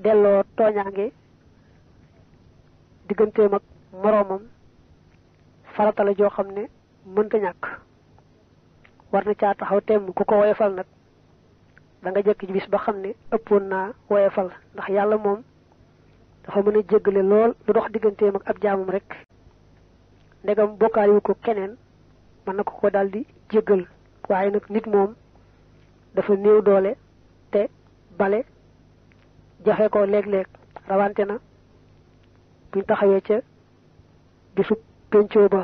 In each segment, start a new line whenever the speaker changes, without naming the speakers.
delloo tooñaange digganteem ak moroomam farata la joo xam ne mënta ñàkk war na caa taxaw temm ku ko woyefal nag da nga jekk bis ba xam ne ëppoon naa woyefal ndax yàlla moom dafa mën a jéggale lool lu dox digganteem ab jaamam rek ndegam bokkaaliwu ko keneen mën na ko ko di jéggal waaye nag nit moom dafa néew doole te bale joxe ko leg leg rawante na bu taxawé ci bisu pencho ba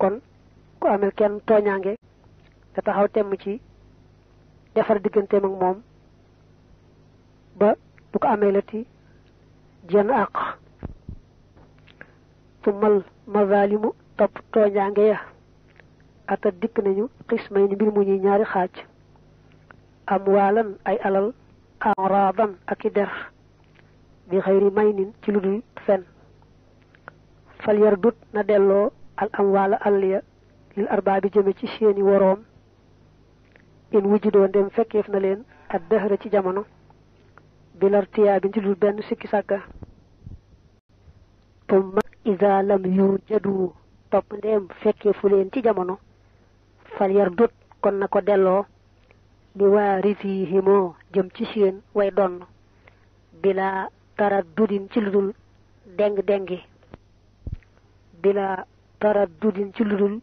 kon ko amel kenn toñangé da taxaw tem ci defar digënté ak mom ba bu ko lati jenn ak tumal mazalimu top toñangé ya ata dik nañu qismay ni bir mu ñi ñaari xaj amwalan ay alal aradan ak i der bi xëyri may ci lu dul fen fal dut na delloo al am waala àll ya lil arbaa bi jëme ci seeni woroom in wujjudoo ndem fekkeef na leen ak dëxëra ci jamono bilar tiyaa bi ci lu benn sikki sàkka tumma ida lam yu jadu topp ndem fekkeefu leen ci jamono fal yar dut kon na ko delloo li waarisihimoo jëm ci seen way donn bila taraddudin ci ludul deng dengi bila taraddudin ci ludul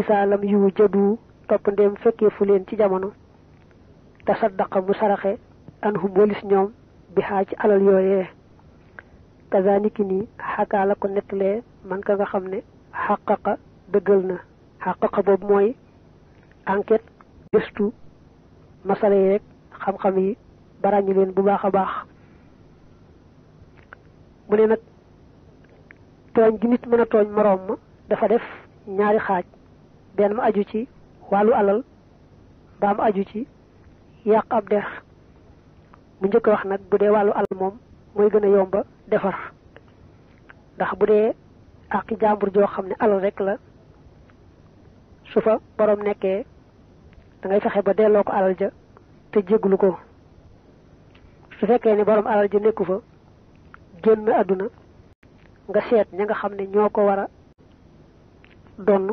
isaalam yu jadu topp ndéem fekkee fu leen ci jamono tasaddaqa mu saraxe an hum walis ñoom bi xaa ci alal yooyee kazaniki nii xakaa la ko nettalee man ka nga xam ne xaqaqa dëggal na haqqa bob moy enquête gestu masale yeeg xam-xam yi barañu leen bu baaxa baax mu ne nak walu gi nit mëna toñ morom dafa def ñaari xaj ben ma aju ci walu alal ba mu aju ci yaq ab def mu njëkk wax nak bu dé walu alal mom moy gëna yomba defar ndax bu dé ak jambur jo xamni alal rek la su fa borom nekkee da ngay fexe ba delloo ko alal ja te jéglu ko su fekkee ni borom alal ja nekku fa génn àdduna nga seet ña nga xam ne ñoo ko war a donn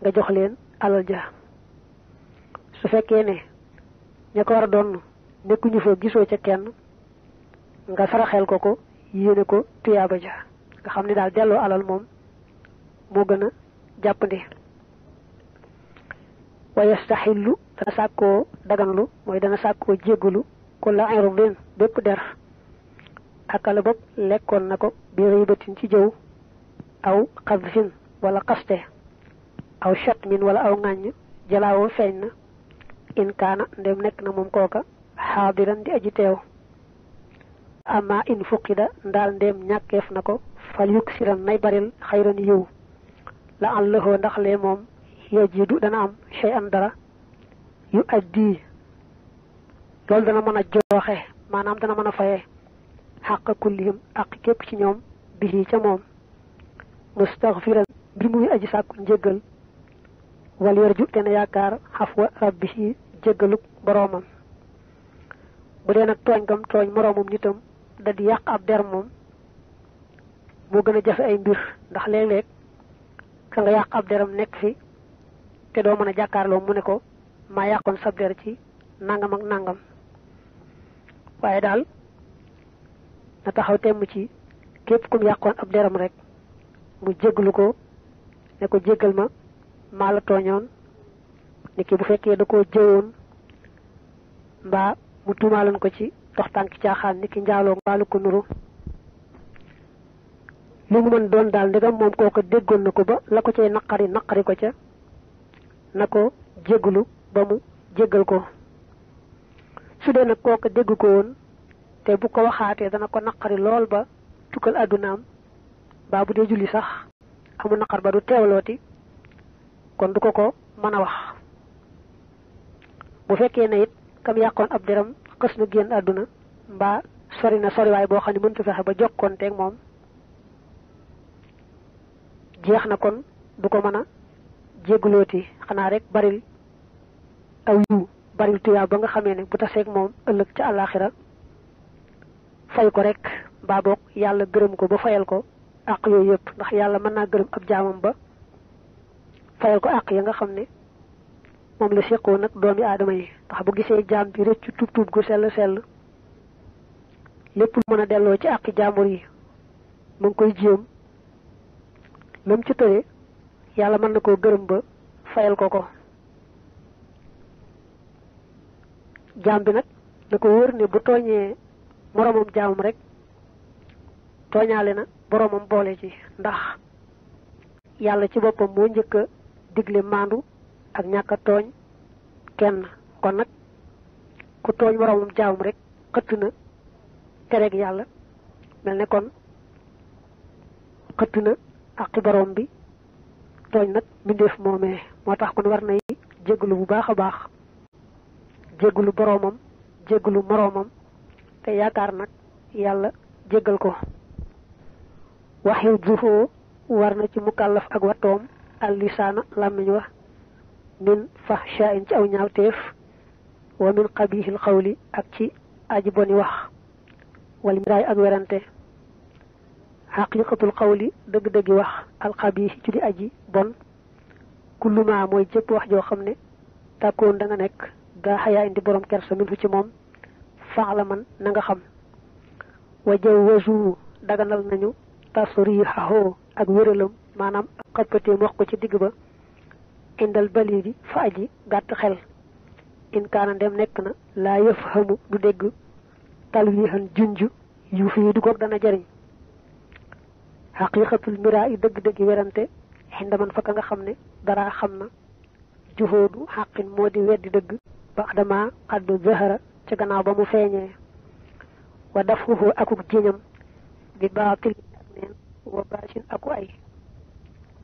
nga jox leen alal ja su fekkee ne ña ko war a donn nekkuñu fa gisoo ca kenn nga ko ko yéene ko tuyaaba ja nga xam ne daal alal moom moo gën a wa yastaxillu dana sàkkoo daganlu mooy dana sàkkoo jéggalu ku la irudin bépp der akala bopp lekkoon na ko bi ribatin ci jëw aw xadfin wala xaste aw chatmin wala aw ŋàññ jalaawoo feeñ na in kaana ndem nekk na moom kooka xaadiran di aji teew ama in fuqida ndaal ndem ñàkkeef na ko fal yukk siran nay baril xayran yiw la an ndax lee moom yajidu dana am shay an dara yu addi loolu dana mën a jooxe maanaam dana mën a fayee xàq kullihim ak képp ci ñoom bihi ca moom mustaghfiran mbir muy aji sàkku njëggal wal yarju te na yaakaar xafwa rabbihi jëggaluk boroomam bu dee nag tooñ gam tooñ moroomam nitam da di yàq ab der moom moo gën a jafe ay mbir ndax léeg-léeg ka nga yàq ab deram nekk fi te doo mën a jàkkaarloo mu ne ko maa yàqoon sab ci nangam ak nangam waaye daal na taxaw temm ci képp kum yàqoon ab deram rek mu jéggalu ko ne ko jéggal ma maa la tooñoon ni ki bu fekkee da koo jëwoon mbaa mu tuumaaloon ko ci ndox tànk caaxaan ni ki njaaloo mbaa lu ko nuru lu mu mën doon daal ndegam moom kooku déggoon na ko ba la ko cay naqari naqari ko ca na ko jégglu ba mu jéggal ko su dee nag kooka dégg ko woon te bu ko waxaatee dana ko naqari lool ba tukkal àddunaam baa bu dee julli sax amu naqar ba du teewlooti kon du ko ko mën a wax bu fekkee ne it kam yàqoon ab deram xës na génn àdduna mbaa sori na soriwaay boo xam ne mënta fexe ba jokkoonteeg moom jeex na kon du ko mën a jéglooti xanaa rek baril aw yu baril tuyaa ba nga xamee ne bu taseeg moom ëllëg ca àllaaxira fay ko rek mbaa boog yàlla gërëm ko ba fayal ko àq yooyu yépp ndax yàlla mën naa gërëm ab jaamam ba fayal ko àq ya nga xam ne moom la séqoo nag doomi aadama yi ndax bu gisee jaam bi rëccu tuub tuub gu sell sell lépp lu mën a delloo ci àqi jaamur yi mu ngi koy jiyam lam ci tëre yàlla mën na koo gërëm ba fayal ko ko jaam bi nag da ko wër ne bu tooñee moroomam jaamam rekk tooñaale na boroomam boole ci ndax yàlla ci boppam moo njëkk digle maandu ak ñàkk tooñ kenn kon nag ku tooñ moroomam jaamam rekk xëtt na tereeg yàlla mel ne kon xëtt na ak boroom bi tooñ nag mbindeef moomee moo tax kon war nay jégalu bu baax a baax jégalu boroomam jégalu moroomam te yaakaar nag yàlla jégal ko waxi juufoo war na ci mukallaf ak wattoom al lisaana làmmiñ wa min fahshain ci aw ñaawteef wa min qabihil xawli ak ci aji boni wax wal miraay ak werante xaqiqatul xawli dëgg-dëggi wax alxabiis ci di aji bon kulluma mooy jëpp wax joo xam ne tàkkoon da nga nekk gaa xayaa indi borom kersa min fu ci moom faax la man na nga xam wajaw wasu daganal nañu tasrixaho ak wéralam maanaam ak xappateem wax ko ci digg ba indal bali bi fa aji gàtt xel in kaana dem nekk na laa yëf xamu du dégg talwihan junj yu fii du koog dana jariñ xaqiqatul miraa yi dëgg-dëggi werante xinda man nga xam ne daraa xam na juhóodu xàqin moo di weddi dëgg ba adama xaddu zahara ca gannaaw ba mu feeñee wa daf xuhu akuk jiñam bi baatil neen wa baasin aku ay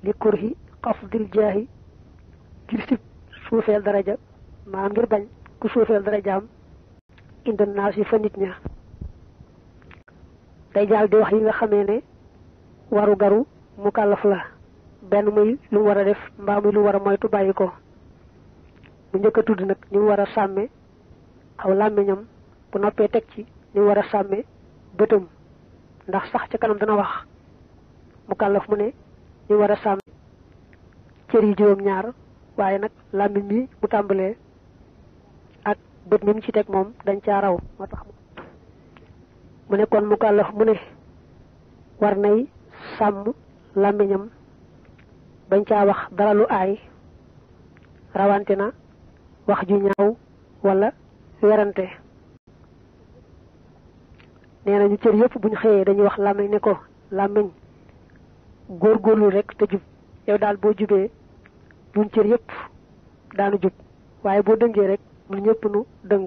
li kurhi qasdil jaahi ngir sib suufeel daraja maam ngir bañ ku suufeel darajaam inda fa nit ña day jaal di wax yi nga xamee ne waru garu mukallaf la ben muy lu wara def mba muy lu wara moytu bayiko ko bu ñëk tudd nak ni wara samé aw lamé ñam bu noppé tek ci ni wara samé a ndax sax ci kanam dana wax mukallaf mu né ni wara samé sàmme joom ñaar waaye nak lamé mi bu tambalé ak bëtt mi ci tek mom dañ ci raw motax mu né kon mukallaf mu né war sàmm làmmiñam bañ caa wax dara ay aay rawante na wax ju ñaaw wala werante nee na ñu cër yëpp buñ xëyee dañuy wax làmmiñ ne ko góor góorlu rekk te jub yow daal boo jubee ñun cër yëpp daanu jub waaye boo dëngee rek ñun ñëpp nu dëng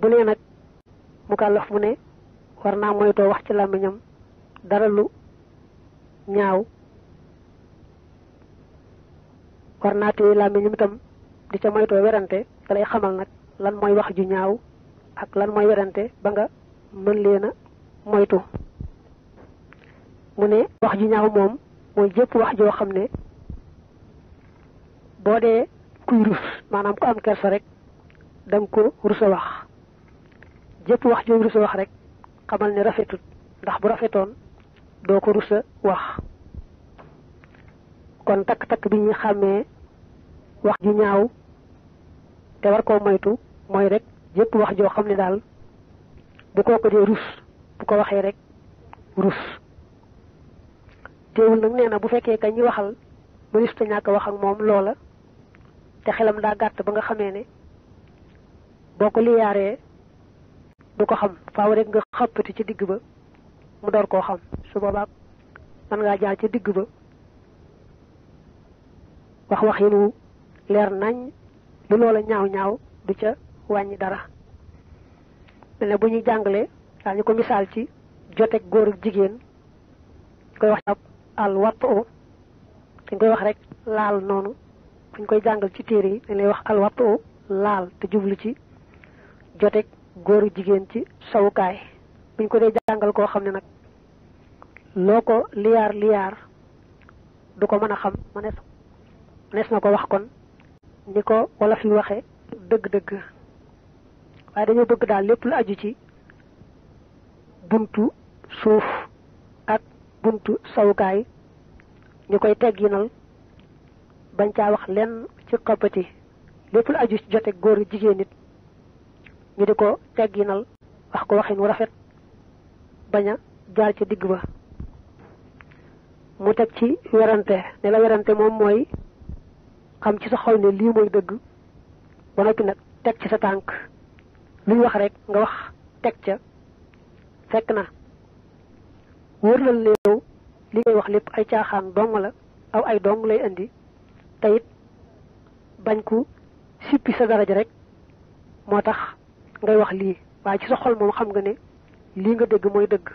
bu nee nag mu mu ne warna moy moytoo wax ci làmmiñam dara lu ñaaw warna te téye tam di ca moytoo werante da lay xamal nak lan moy wax ju ñaaw ak lan moy werante ba nga mën leena moytu mu ne wax ju ñaaw moom mooy jëpp wax joo xam ne boo dee kuy rus maanaam ku am kersa rek da ko rusa wax jëpp wax joo rusa wax rek xamal ni rafetut ndax bu rafetoon doo ko rusa wax kon takk-takk bi ñu xàmmee wax ji ñaaw te war koo moytu mooy rek jëpp wax joo xam ne daal bu ko ko dee rus bu ko waxee rek rus teewul nag nee na bu fekkee ka ñi waxal rus ta ñàkk wax ak moom loola te xelam daa gàtt ba nga xamee ne boo ko liyaaree du ko xam faaw rek nga xappati ci digg ba mu door koo xam su boobaa man ngaa jaar ci digg ba wax wax yi nu leer nañ lu loola ñaaw ñaaw du ca wàññi dara mel ne bu ñuy jàngalee daal ñu ko misaal ci jotek góor ak jigéen koy wax al wat o dañ koy wax rek laal noonu buñ koy jàngal ci téere yi dañ lay wax al wat o laal te jublu ci jotek góor góoru jigéen ci sawukaay buñ ko dee jàngal koo xam ne nag loo ko liyaar liyaar du ko mën a xam mënees mënees na ko wax kon ni ko wala fi waxe dëgg-dëgg waaye dañoo bëgg daal lépp lu aju ci buntu suuf ak buntu sawukaay ñu koy tegginal bañ caa wax lenn ci xoppati lépp lu aju ci jote góoru jigéen nit ñu di ko tegginal wax ko waxin wu rafet bañ a jaar ci digg ba mu teg ci werante ne la werante moom mooy xam ci sa xol ne lii mooy dëgg ba noppi nag teg ci sa tànk luñ wax rek nga wax teg ca fekk na wër la léew li ngay wax lépp ay caaxaan dong la aw ay dong lay indi te it bañ ku sippi sa daraja rek moo tax ngay wax lii waaye ci sa xol moom xam nga ne lii nga dégg mooy dëgg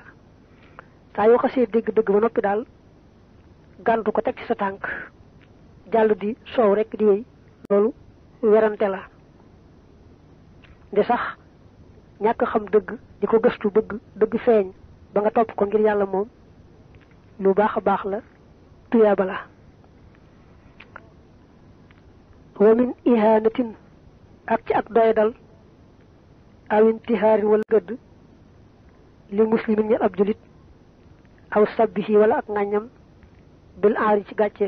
saa yoo xasee dégg dëgg ba noppi daal gàntu ko teg ci sa tànk jàll di soow rek di yey loolu werante la de sax ñàkk xam dëgg di ko gëstu bëgg dëgg feeñ ba nga topp ko ngir yàlla moom lu baax a la tuyaaba la wa min ihanatin ak ci ak dal aw intihaarin wala gëdd li muslimin ñal ab julit aw sabbihi wala ak ngañam bil aari ci gàcce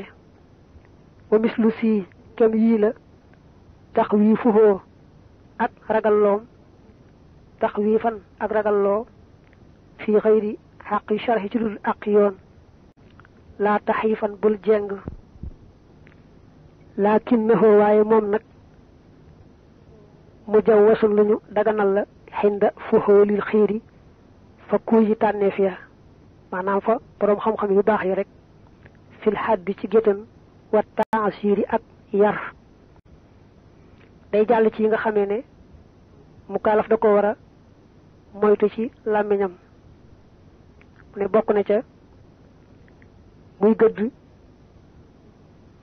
wa mislu si kem yii la tax wii fuhoo ak ragalloom tax wii fan ak ragalloo fi xëyri xaqi sharxi ci dul ak yoon laa taxifan bul jeng laakin nahoo waaye moom nag mujawwasul lañu daganal la xinda fuxoolil xiiri fa kuuy yi tànneef ya maanaam fa boroom xam-xam yu baax yi rek fil bi ci géttan wa taasiri ak yar day jàll ci yi nga xamee ne mu mukaalaf da ko wara moytu ci làmmiñam mu ne bokk na ca muy gëdd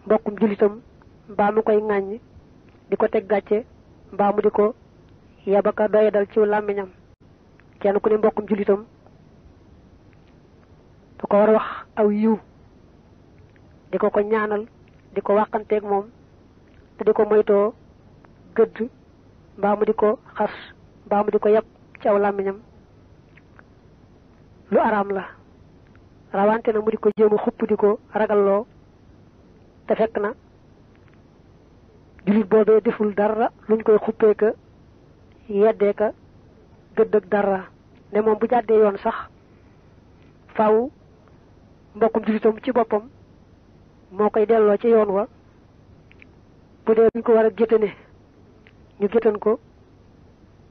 mbokkum jullitam mbaa mu koy ŋàññ di ko teg gàcce mbaa mu di ko yabaka doya dal ci lamiñam kenn ku ne mbokum julitam da ko war wax aw yu diko ko ñaanal diko waxante ak mom te diko moyto gëdd mu ci aw lamiñam lu aram la rawante na mu diko ko xuppu diko xupp te fekk na julit boobee deful dara luñ koy xuppee ka yeddee ka gëdd ak dara ne moom bu jàddee yoon sax faw mbokkum julitam ci boppam moo koy delloo ci yoon wa bu dee luñ ko war a gétane ñu gétan ko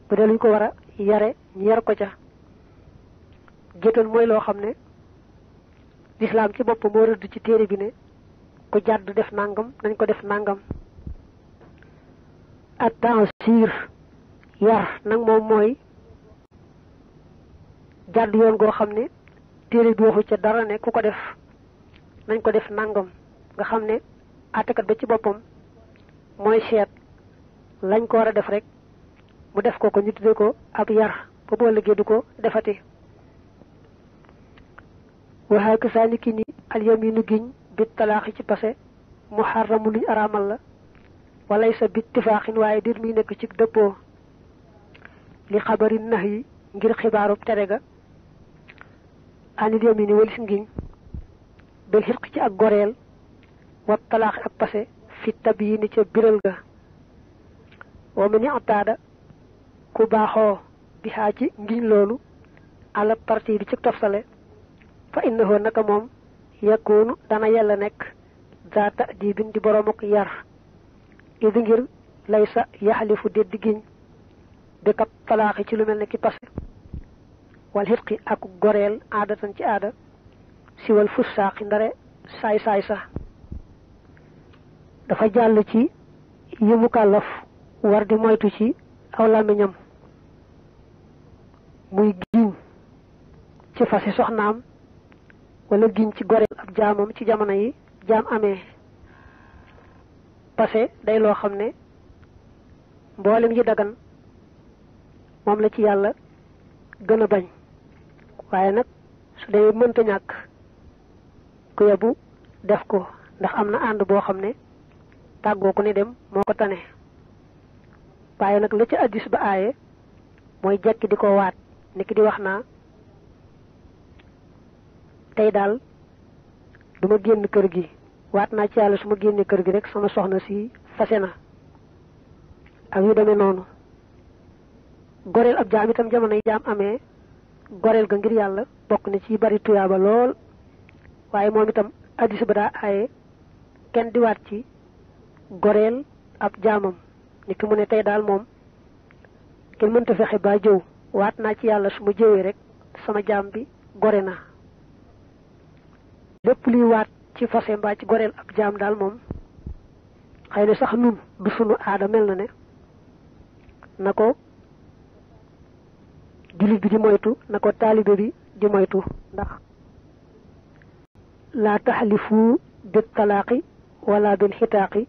bu dee luñ ko war a yare ñu yar ko ca gétan mooy loo xam ne ci boppam moo rëdd ci téere bi ne ku jàdd def nangam nañ ko def nangam at tansiir yar nag moom mooy jàdd yoon goo xam ne téere bi waxu ca dara ne ku ko def nañ ko def nangam nga xam ne àttekat ba ci boppam mooy seet lañ ko war a def rek mu def ko ko ñu tudde ko ab yar ba boo liggéey du ko defati waxaay ko saa ni ki ni alyaminu giñ bi talaaxi ci mu passé mu luñ araamal la walay sa bittifaaxin waaye dir mi nekk ci dëppoo li xabari nahi, yi ngir xibaarub tere ga anil yamini walis ngiñ bil xirq ci ak goreel wa talaax ak pase fi tab yi ni ca biral ga wa mani ataada ku baaxoo bi xaa ci ngiñ loolu ala parti bi ci tofsale fa innahu naka moom yakunu dana yàlla nekk zaata diibin di boromuk yar idi ngir lay sa yaxalifu déddi giñ bi kat talaaxi ci lu mel ne ki pase wal xitqi ak goreel aadatan ci aada si wal fussaaqi ndare saay-saay sax dafa jàll ci yi mu kàllaf war di moytu ci aw làmmiñam muy giñ ci fase soxnaam wala giñ ci goreel ab jaamam ci jamono yi jaam amee passé day lo xam mbolim yi dagan mom la ci yalla gëna bañ waye nak su day mënta ñak ku yabu def ko ndax amna and bo boo taggo ko ne dem moko tané waye nak la ci addis ba ayé moy jekki diko waat niki di waxna tay dal duma genn kër gi waat naa ci yàlla su ma génnee kër gi rek sama soxna si fase na ak yu demee noonu goreel ab jaam itam jamono yi jaam amee goreel ga ngir yàlla bokk na ci bari tuyaaba lool waaye moom itam addis ba daa aaye kenn di waat ci goreel ab jaamam ni ki mu ne tey daal moom kenn mënta fexe ba jëw waat naa ci yàlla su ma jëwee rek sama jaam bi gore na lépp luy waat ci fase mbaa ci goreel ak jaam daal moom xëy na sax nun du sunu aada mel na ne na ko julit bi di moytu na ko taalibe bi di moytu ndax laa taxlifu bitalaaqi wala bilxitaaqi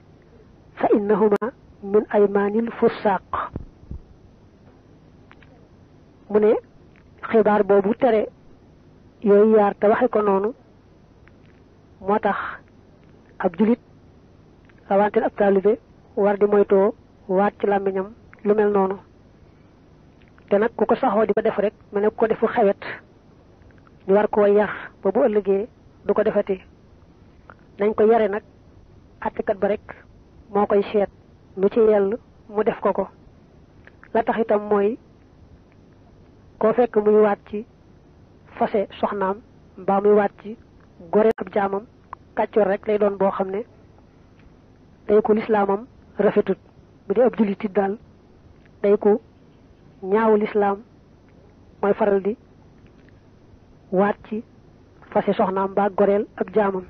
fa innahuma min aymaanil fusaaq mu ne xibaar boobu tere yooyu yaar te waxe ko noonu motax tax ab julit rawante ab talibé war di moyto wat ci lamiñam lu mel nonu té nak kuko saxo di ko def rek mané ko defu xewet ñu war ko yax ba bu ëllëgé du ko defati nañ ko nak nag kat ba rek mo koy xéet lu ci yell mu def ko ko la tax itam moy ko fekk muy wat ci fase soxnam ba muy wat ci gore ab jaamam kàccoor rek lay doon boo xam ne day ko lislaamam rafetut bu dee ab jullitit daal day ko ñaawu lislaam mooy faral di waat ci fase soxnaam ba goreel ab jaamam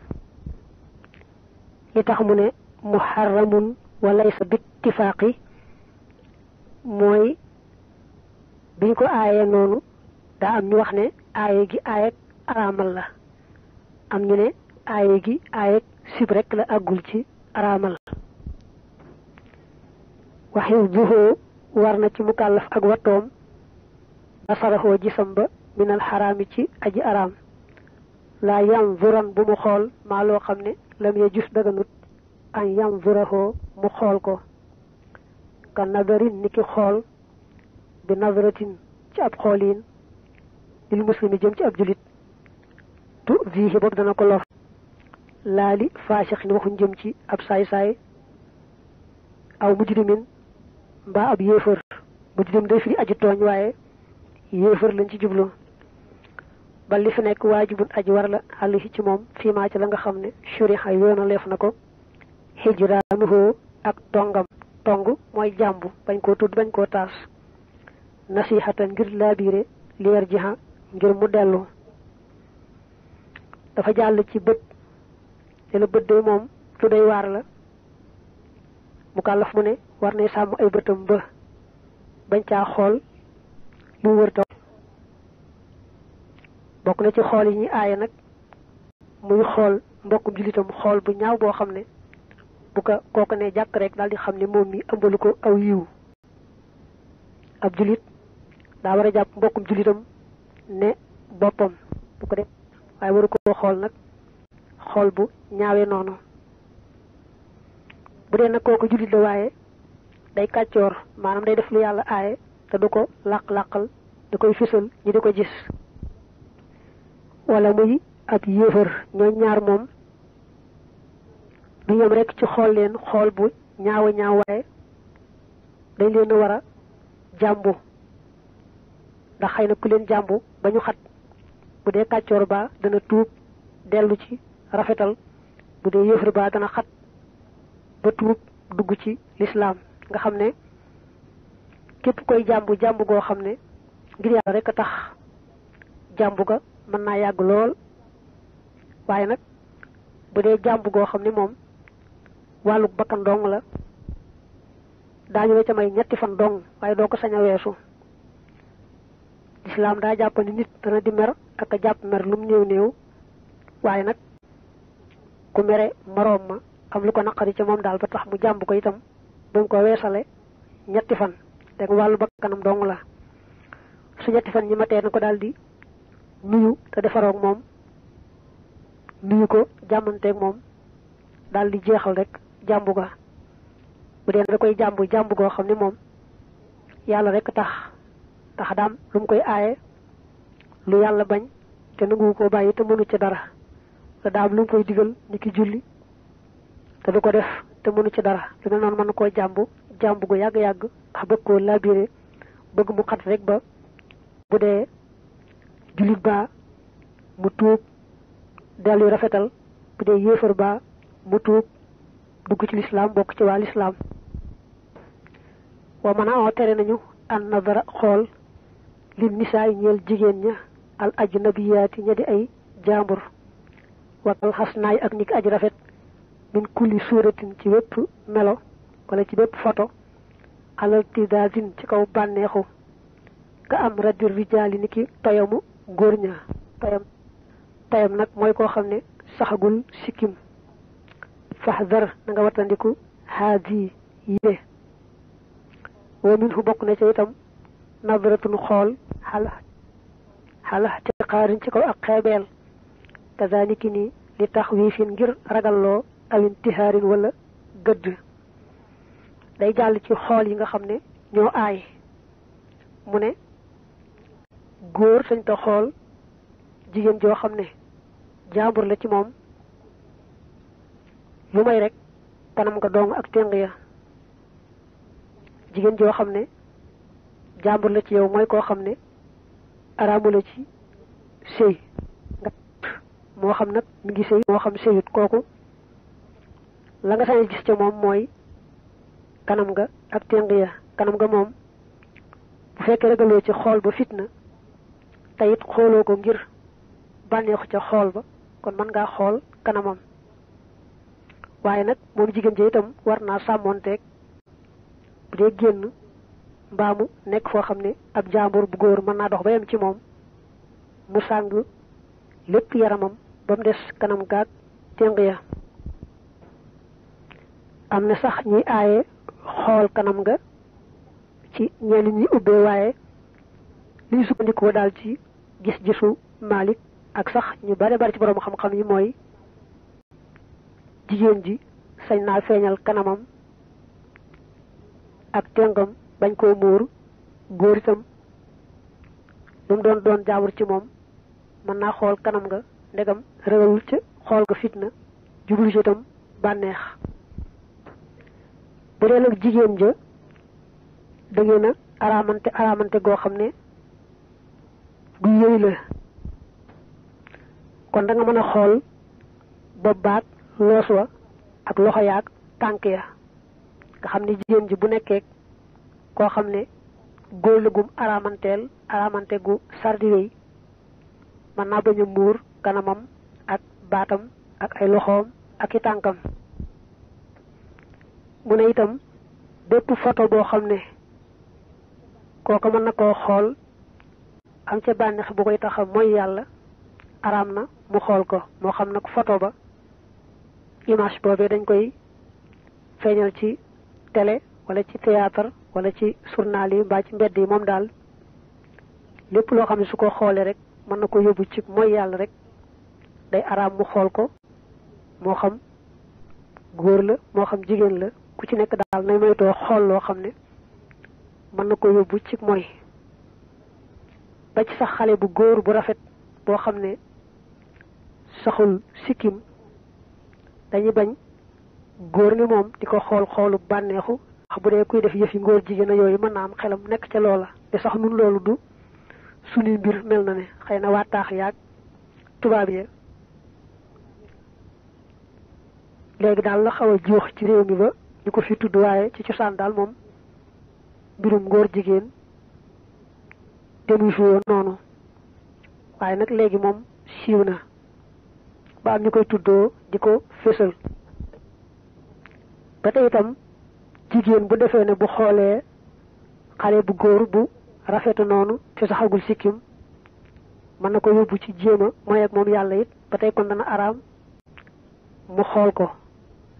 li tax mu ne muharramun wala sa bittifaaqi mooy biñ ko aaye noonu daa am ñu wax ne aaye gi aaye araamal la am ñu ne aaye gi aayeg sib rek la àggul ci araamal waxi duhoo war na ci mukallaf ak wattoom basaraxoo gisam ba minal xaraami ci aji araam laa yam vuran bu mu xool maa loo xam ne lam ya jus daganut an yam vuraxoo mu xool ko ka nadarin ni xool bi nadaratin ci ab xooliin lil muslimi jëm ci ab julit tu fii boobu dana ko lof laali faasix ni waxuñ jëm ci ab saay-saay aw mujrimin mbaa ab yéefër mujrim day firi aji tooñ waaye yéefër lañ ci jublu ba li fi nekk waajibun aji war la xàll ci moom fii ci la nga xam ne shuriha yoona leef na ko hijraanuhu ak tongam tong mooy jàmbu bañ koo tudd bañ koo taas nasihatan ngir laabiire lier jiha ngir mu dellu dafa jàll ci bët te la bët de moom lu doy waar la mu kàllaf mu ne war ne sàmm ay bëtam ba bañ ca xool mu wërto taw bokk na ci xool yi ñuy aaye nag muy xool mbokkum jullitam xool bu ñaaw boo xam ne bu ko kooku ne jàkk rek daal di xam ne moom mi ëmbalu ko aw yiw ab jullit daa war a jàpp mbokkum jullitam ne boppam bu ko def waaye waru koo xool nag xool bu ñaawe noonu bu dee nag kooku julit la waaye day kàccoor maanaam day def lu yàlla aaye te du ko làq-làqal da koy fisal ñi di ko gis wala muy ak yéefar ñooy ñaar moom du yem rek ci xool leen xool bu ñaawa ñaaw waaye dañ leen a war a jàmbu ndax xëy na ku leen jàmbu ba ñu xat bu dee kàccoor ba dana tuub dellu ci rafetal bu dee yëfar ba dana xat ba tuub dugg ci lislaam nga xam ne képp koy jàmbu jàmbu goo xam ne ngir yàlla rek a tax jàmbu ga mën naa yàgg lool waaye nag bu dee goo xam ne moom dong la daañu la ca may ñetti fan dong waaye doo ko sañ a weesu lislaam nit dana di mer ak jàpp mer lum néew néew waaye nag ku mere moroom ma am lu ko naqari ca moom daal ba tax mu jàmb ko itam bu mu ko weesale ñetti fan te wàllu bakkanam dong la su ñetti fan ñi ma tee na ko daal di nuyu te defaroog moom nuyu ko jàmmanteeg moom daal di jeexal rek jàmbu ga bu dee da koy jàmbu jàmbu goo xam ne moom yàlla rek tax tax daam lu koy aaye lu yàlla bañ te nangu ko bàyyi te mënu ci dara nga daam lu koy digal ni ki julli te du ko def te mënu ci dara lu mel noonu mën koo jàmb jàmb gu yàgg yàgg a bëgg koo labiré bëgg mu xat rek ba bu dee julli ba mu tuub yu rafetal bu dee yéefar ba mu tuub dugg ci lislaam bokk ci waa lislaam wa mën a tere nañu an nazara xool li nisaay ñeel jigéen ña al ajnabiyaati ña di ay jaambur wakal hasnay ak nik aj rafet min kulli suratin ci wepp melo wala ci bepp photo al tidazin ci kaw banexu ka am radir rijaali niki toyamu góor ña tayam saxagul sikim fahdar nga watandiku haadi yile wa minhu bokk na ci itam nadratun khol hal xalaxti xaarin ci kaw ak xeebeel kazaliki nii li tax wiifin ngir ragalloo awin tihaarin wala gëdd day jàll ci xool yi nga xam ne ñoo aay mu ne góor sañ ta xool jigéen joo xam ne jaambur la ci moom lu may rek kanam nga dong ak téng ya jigéen joo xam ne jaambur la ci yow mooy koo xam ne araamu ci sëy moo xam nag mi ngi sëy moo xam sëyut kooku la nga sañ gis ca moom mooy kanam nga ak ténq ya kanam nga moom bu fekkee ragaloo ci xool ba fitna te it xooloo ko ngir bànneexu ca xool ba kon mën ngaa xool kanamam waaye nag moom jigéen ca itam war naa sàmmoonteeg bu dee génn mbaamu nekk foo xam ne ab jaambur bu góor mën naa dox ba yem ci moom mu sàng lépp yaramam ba mu des kanam gaag téng ya am na sax ñi aaye xool kanam nga ci ñenn ñi ubbee waaye li ñu sukkandikoo daal ci gis-gisu Malik ak sax ñu bare bari ci borom xam-xam yi mooy jigéen ji sañ naa feeñal kanamam ak téngam bañ ko muur góor itam lu don doon doon jaamur ci moom mën naa xool kanam nga ndegam ragalul ci xool ga fitna jublu ci itam bànneex bu dee nag jigéen ja da ngeen a araamante araamante goo xam ne du yëy la kon da nga mën a xool bopp loos wa ak loxo yaag tànk ya nga xam ne jigéen ji bu nekkee koo xam ne góor la gum aramanteel aramante gu sardiwey mën naa bañ a muur kanamam ak baatam ak ay loxoom ak i tànkam mu ne itam bépp photo boo xam ne kooka mën na koo xool am ca bànneex bu koy taxa mooy yàlla araam na mu xool ko moo xam nag photo ba image boobee dañ koy feeñal ci tele wala ci théâtre wala ci journal yi mbaa ci mbedd yi moom daal lépp loo xam ne su ko xoolee rek mën na ko yóbbu ci mooy yàlla rek day araam mu xool ko moo xam góor la moo xam jigéen la ku ci nekk daal nay moytoo xool loo xam ne mën na ko yóbbu ci mooy ba ci sax xale bu góor bu rafet boo xam ne saxul sikkim dañu bañ góor ni moom di ko xool xoolu bànneexu bu dee kuy def yëf yi ngóor jigéen yooyu mën na am xelam nekk ca loola te sax nun loolu du suñuy mbir mel na ne xëy na taax yaag tubaab ya léegi daal la xaw a ci réew mi ba ñu ko fi tudd waaye ci cosaan daal moom mbirum ngóor jigéen demu fi woon noonu waaye nag léegi moom siiw na ba am ñu koy tuddoo di ko fésal ba tey itam jigéen bu defee ne bu xoolee xale bu góor bu rafetu noonu te saxagul sikkim mën na ko yóbbu ci jéema mooy ak moom yàlla it ba tey kon dana araam mu xool ko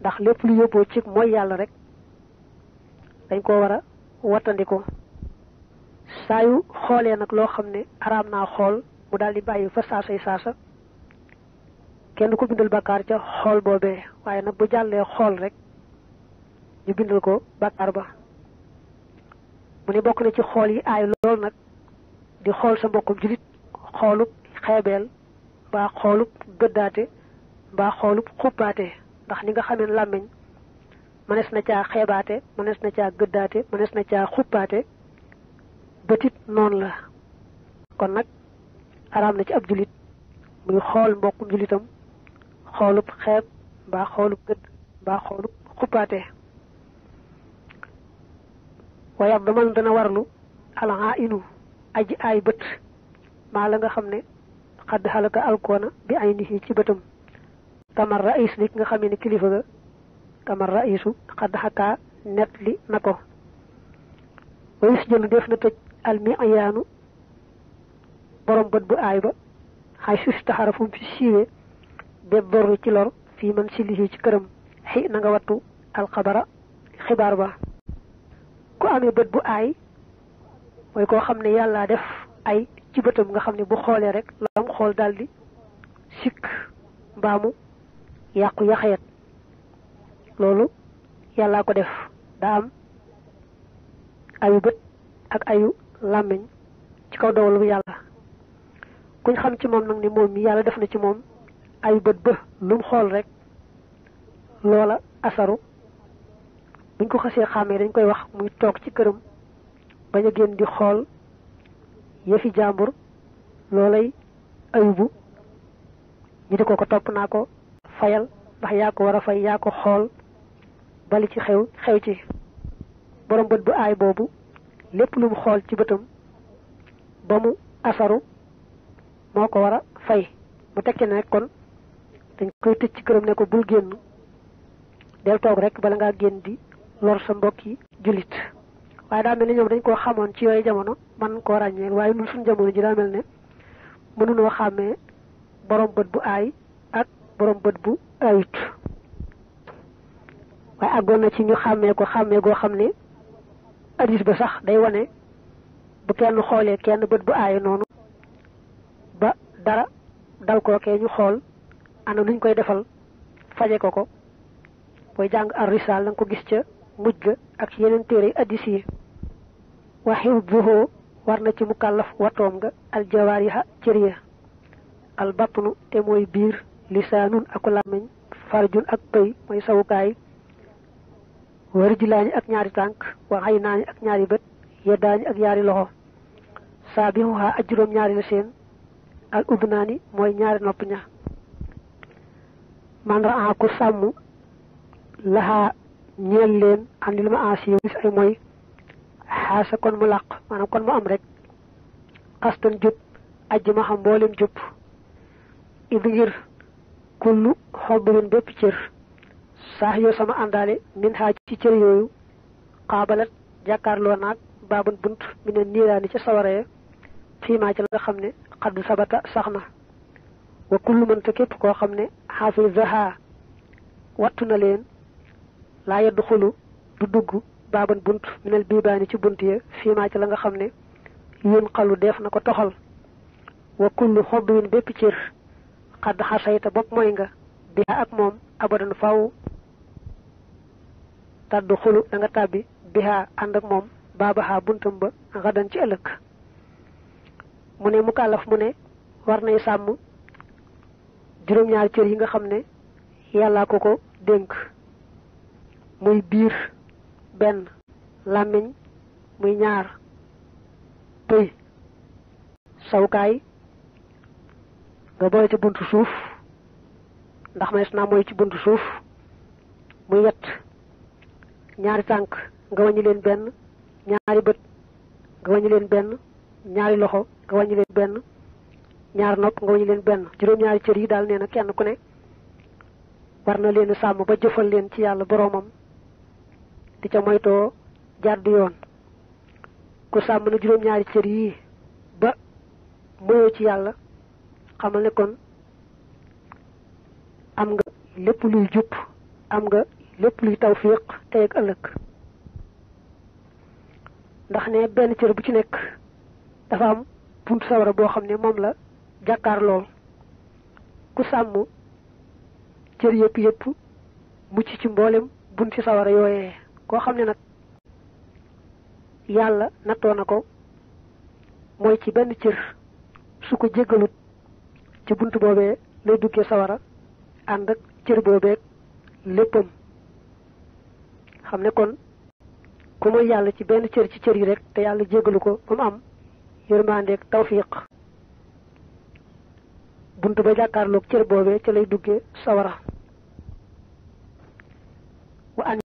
ndax lépp lu yóbboo ci mooy yàlla rek dañ koo war a wattandiko saa xoolee nag loo xam ne araam naa xool mu daal di bàyyi fa saasay saasa kenn ko bindal bakkaar ca xool boobee waaye nag bu jàllee xool rek ñu bindal ko bàkkaar ba mu ne bokk na ci xool yi aay lool nag di xool sa mbokkum julit xoolub xeebeel mbaa xoolub gëddaate mbaa xoolub xuppaate ndax ni nga xamee làmmiñ mënees na caa xeebaate mënees na caa gëddaate mënees na caa xuppaate bëtit noonu la kon nag araam na ci ab julit muy xool mbokkum julitam xoolub xeeb mbaa xoolub gëdd mbaa xoolub xuppaate wa yabdu man dana warlu alaa inu aji ay bët maa la nga xam ne xadd xalaka alkoona bi ay nit ci bëtam kamar raïs ki nga xam ne kilifa ga kamar raïsu xadd xakaa net li na ko wayus jëlu def na tëj almi ayaanu borom bët bu aay ba xay sus taxara fu fi siiwee bépp borru ci lor fii man si lihi ci këram xi na nga wattu alxabara xibaar ba ko amé bëtt bu ay moy ko xamné yalla def ay ci bëttam nga xamné bu xolé rek lam xol daldi sik bamu yaqku yaxayat lolu yalla ko def da am ayu bëtt ak ayu lamiñ ci kaw dawlu yalla kuñ xam ci mom nak ni mom yalla def na ci mom ay bëtt ba lum xol rek lola asaru buñ ko xasee xàmmee dañ koy wax muy toog ci këram bañ a génn di xool yëfi jàmbur loolay ayubu ñu di ko ko topp naa ko fayal ndax yaa ko war a fay yaa ko xool bali ci xew xew ci borom bët bu aay boobu lépp lu xool ci bëtam ba mu asaru moo ko war a fay mu tekki ne kon dañ koy tëj ci këram ne ko bul génn del toog rek bala ngaa génn di lor sa mbokki julit waaye daa mel ni ñoom dañ koo xamoon ci yooyu jamono man koo ràññee waaye nun suñ jamono ji daa mel ne mënunoo xàmmee borom bët bu aay ak borom bët bu ayut waaye àggoon na ci ñu xàmmee ko xàmmee goo xam ne hadis ba sax day wane bu kenn xoolee kenn bët bu aay noonu ba dara dal kookee ñu xool ana nuñ koy defal faje ko ko booy jàng ar risal da nga ko gis ca mujj ak yenen téré téere wa warna warna ci mukallaf watoom nga al jawariha ciriya al batnu te moy bir lisanun ak lamagn farjun ak pëy moy sawukay warjilani ak ñaari tank wa haynani ak ñaari bet yedani ak yari loxo saabihuha ak ñaari na sen al ubnani moy ñaari nopp ña man raa ku sammu laha ñeel leen andil ma aasiya gis ay mooy xaasa kon mu làq maanaam kon mu am rek xastan jub ajji ma xam mboolem jub indi ngir kullu xobbin bépp cër saax yoo sama àndaale min xaaj ci cër yooyu xaabalat jàkkaarloo naag baabun bunt mi ne niiraani ca sawaree fii maa ci la xam ne xaddu sabata sax na wa kullu mënta képp koo xam ne xaafi zaha wattu na leen laa yedd xulu du dugg baaban bunt minal biibaani ci bunt ya fiimaa la nga xam ne yun xalu def na ko toxal wa kullu xobbin bépp cër xadd xasayta bopp mooy nga bi ak moom abadan faw tàdd xulu da nga tàbbi bihaa ànd ak moom baabaxaa buntam ba xadan ci ëllëg mu ne mu kàllaf mu ne war nay sàmm juróom-ñaari cër yi nga xam ne yàllaa ko ko dénk muy biir benn làmmiñ muy ñaar pëy sawkaay nga boy ci buntu suuf ndax manes naa mooy ci buntu suuf muy wet ñaari tànk nga wàññi leen benn ñaari bët nga wàññi leen benn ñaari loxo nga wàññi leen benn ñaar nopp nga wàññi leen benn juróom-ñaari cër yi daal nee na kenn ku ne war na leen sàmm ba jëfal leen ci yàlla boroomam di ca moytoo jàdd yoon ku sàmm na juróom-ñaari cër yi ba moyoo ci yàlla xamal ne kon am nga lépp luy jub am nga lépp luy tawfiq tey ak ëllëg ndax ne benn cër bu ci nekk dafa am sawara boo xam ne la jàkkaar lool ku sàmm cër yépp yépp mucc ci mboolem bunti sawara yooyee koo xam ne nag yàlla nattoo na ko mooy ci benn cër su ko jéggalut ci bunt boobee lay dugge sawara ànd ak cër boobee léppam xam ne kon ku mooy yàlla ci benn cër ci cër yi rek te yàlla jéggalu ko ba mu am yërmandeeg tawfiq bunt ba jàkkaarlook cër boobee ca lay dugge sawara wa an